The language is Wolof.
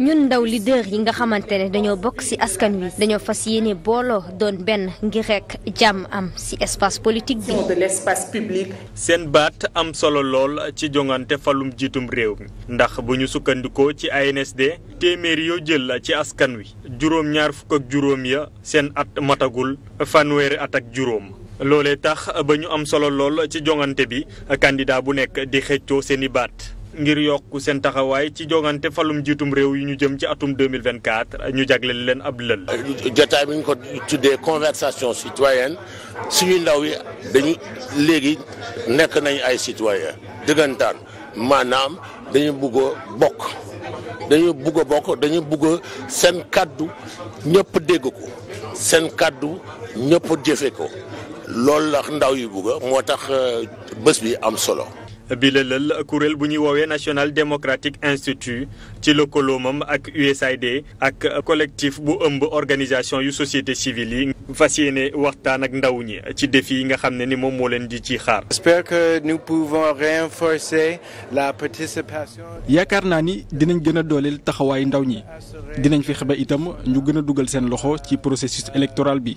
ñun ndaw leader yi nga xamante ne dañoo bokk ci askan wi dañoo fas yéene booloo doon benn ngir rek jàmm am ci espace politique bi. seen baat am solo lool ci jongante falum jiitum réew mi ndax bu ñu sukkandikoo ci ANSD téeméer yoo jël la ci askan wi juróom ñaar fukk ak juróom ya seen at matagul fanweeri at ak juróom. loolee tax ba ñu am solo lool ci jongante bi kandidaa bu nekk di xëccoo seeni baat. ngir yokk seen taxawaay ci jongante falum jiitum réew yi ñu jëm ci atum 2024 ñu jagleel leen ab lël. jotaay bi ñu ko tuddee conversation citoyenne suñu ndaw yi dañu léegi nekk nañu ay citoyen dëggantaan maanaam dañu bugg bokk dañu bugg a bokk dañu bugg seen kàddu ñëpp dégg ko seen kàddu ñëpp jëfe ko loolu la ndaw yu bugg moo tax euh, bés bi am solo. bi la lël kuréel bu ñuy woowee National Democratic Institute ci lëkkaloomam ak USAID ak collectif bu ëmb organisation yu société civile yi fas yéene waxtaan ak ndaw ñi ci défi yi nga xam ne ni moom moo leen di ci xaar. J'espère que nous pouvons renforcer la participation. yaakaar naa ni dinañ gën a dooleel taxawaayu ndaw ñi dinañ fi ba itam ñu gën a dugal seen loxo ci processus électoral bi.